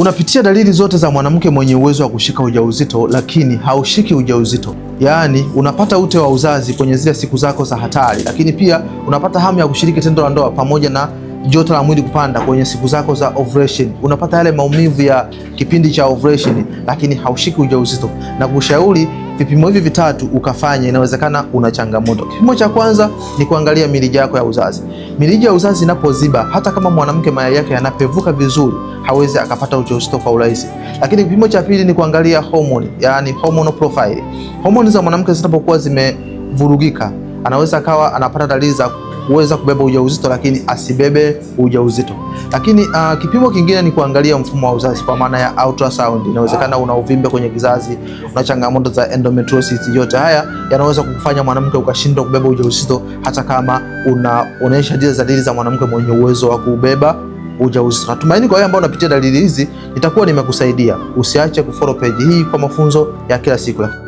Unapitia dalili zote za mwanamke mwenye uwezo wa kushika ujauzito lakini haushiki ujauzito. Yaani unapata ute wa uzazi kwenye zile siku zako za hatari, lakini pia unapata hamu ya kushiriki tendo la ndoa pamoja na joto la mwili kupanda kwenye siku zako za ovulation, unapata yale maumivu ya kipindi cha ovulation, lakini haushiki ujauzito, na kushauri vipimo hivi vitatu ukafanya, inawezekana una changamoto. Kipimo cha kwanza ni kuangalia mirija yako ya uzazi. Mirija ya uzazi inapoziba, hata kama mwanamke mayai yake yanapevuka vizuri, hawezi akapata ujauzito kwa urahisi. Lakini kipimo cha pili ni kuangalia homoni, yani hormonal profile. Homoni za mwanamke zinapokuwa zimevurugika, anaweza akawa anapata dalili za kuweza kubeba ujauzito, lakini asibebe ujauzito. Lakini uh, kipimo kingine ni kuangalia mfumo wa uzazi kwa maana ya ultrasound. Inawezekana una uvimbe kwenye kizazi, una changamoto za endometriosis. Yote haya yanaweza kukufanya mwanamke ukashindwa kubeba ujauzito, hata kama unaonyesha zile dalili za mwanamke mwenye uwezo wa kubeba ujauzito. Natumaini kwa wewe ambao unapitia dalili hizi nitakuwa nimekusaidia. Usiache kufollow page hii kwa mafunzo ya kila siku.